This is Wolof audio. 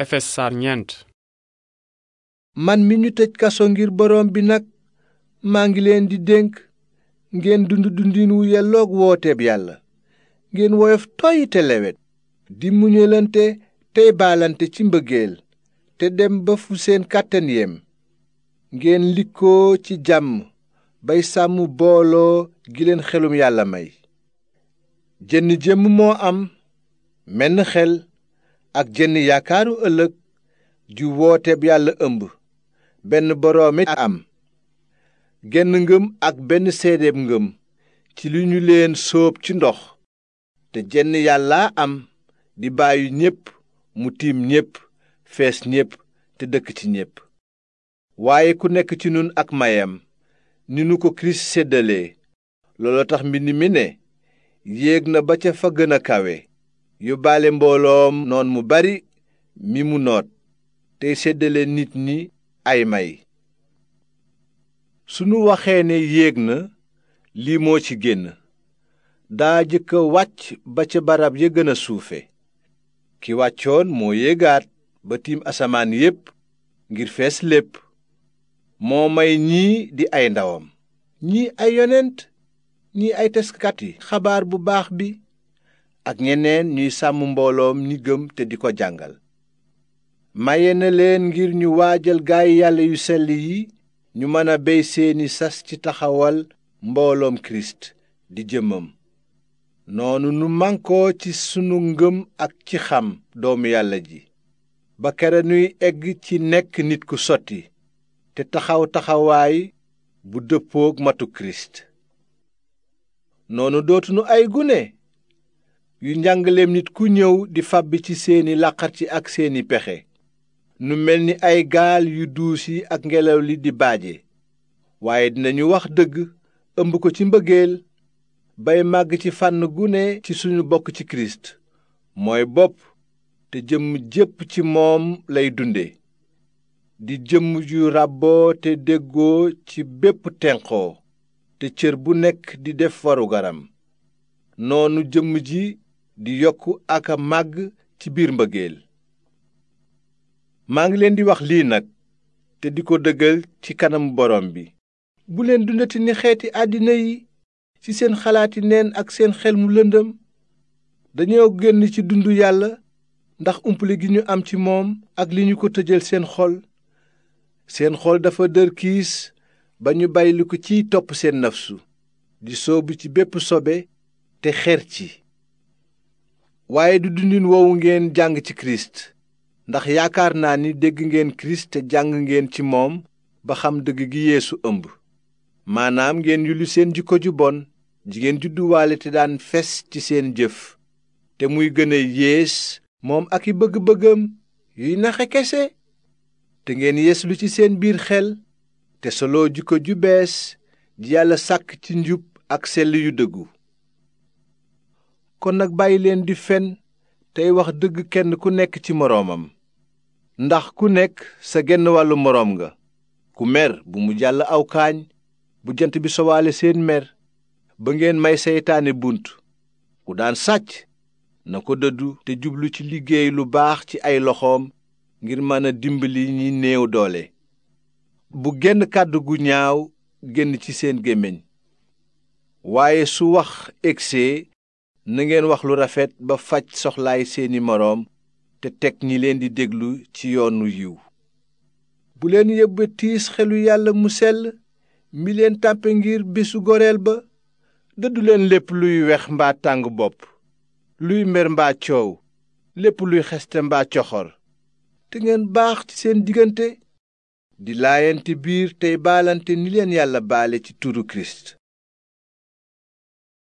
Efes man mi ñu tëj kaso ngir boroom bi nag maa ngi leen di dénk ngeen dund dundin wu yelloog wooteeb yàlla ngeen woyof toy te lewet di muñalante tey baalante ci mbëggeel te dem ba fu seen kàttan yem ngeen likkoo ci jàmm bay sàmm booloo gi leen xelum yàlla may jenn jëmm moo am menn xel ak jenn yaakaaru ëllëg ju wooteb yàlla ëmb benn boroomi am genn ngëm ak benn seedeeb ngëm ci li ñu leen sóob ci ndox te jenn yàlla am di bàyyi ñépp mu tiim ñépp fees ñépp te dëkk ci ñépp waaye ku nekk ci nun ak mayam ni nu ko kirist séddalee loolo tax mbind mi ne yéeg na ba ca fa gën a kawe yóbbaale mbooloom noon mu bari mi mu noot tey séddale nit ñi ay may sunu waxee ne yéeg na lii moo ci génn daa jëkk wàcc ba ca barab ya gën a suufe ki wàccoon moo yéegaat ba tiim asamaan yépp ngir fees lépp moo may ñii di ay ndawam ñii ay yonent ñii ay taskati xabaar bu baax bi ak ñeneen ñuy sàmm mbooloom ñi te di ko jàngal maye na leen ngir ñu waajal gaay yàlla yu sell yi ñu mën a bey seeni sas ci taxawal mbooloom kirist di jëmam noonu nu mànkoo ci sunu ngëm ak ci xam doomu yàlla ji ba kere nuy egg ci nekk nit ku sotti te taxaw taxawaay bu dëppook matu kirist noonu dootunu ay gune yu njàngaleem nit ku ñëw di fàbbi ci seeni làqarci ak seeni pexe nu mel ni ay gaal yu duus yi ak ngelaw li di baaje waaye dinañu wax dëgg ëmb ko ci mbëggeel bay màgg ci fànn gu ne ci suñu bokk ci kirist mooy bopp te jëmm jépp ci moom lay dunde di jëmm yu ràbboo te déggoo ci bépp tenqoo te cër bu nekk di def warugaram noonu jëmm ji di yokk ak a màgg ci biir mbëggeel maa ngi leen di wax lii nag te di ko dëggal ci kanamu borom bi bu leen dundati ni xeeti àddina yi ci seen xalaati neen ak seen xel mu lëndëm dañoo génn ci dundu yàlla ndax umpale gi ñu am ci moom ak li ñu ko tëjal seen xol seen xol dafa dër kiis ba ñu bàyyi li ko ciy topp seen nafsu di soobu ci bépp sobe te xer ci waaye du dundin woowu ngeen jàng ci kirist ndax yaakaar naa ni dégg ngeen kirist te jàng ngeen ci moom ba xam dëgg gi yéesu ëmb maanaam ngeen yulli seen jikko ju bon jigéen judduwaale te daan fes ci seen jëf te muy gën a yées moom ak i bëgg-bëggam yuy naxe kese te ngeen yees lu ci seen biir xel te soloo jikko ju bees ji yàlla sàkk ci njub ak sell yu dëggu kon nag bàyyi leen di fenn tey wax dëgg kenn ku nekk ci moroomam ndax ku nekk sa genn wàllu moroom nga ku mer bu mu jàll aw kaañ bu jant bi sowaale seen mer ba ngeen may seytaane bunt ku daan sàcc na ko dëddu te jublu ci liggéey lu baax ci ay loxoom ngir mën a dimbali ñi néew doole bu genn kàddu gu ñaaw génn ci seen gémmiñ waaye su wax egsee na ngeen wax lu rafet ba faj soxlaay seeni moroom te teg ñi leen di déglu ci yoonu yiw bu leen yëbba xelu yàlla mu sell mi leen tàmpe ngir bésu goreel ba dëddu leen lépp luy wex mbaa tàng bopp luy mer mbaa coow lépp luy xeste mbaa coxor te ngeen baax ci seen diggante di laayante biir tey baalante ni leen yàlla baale ci turu kirist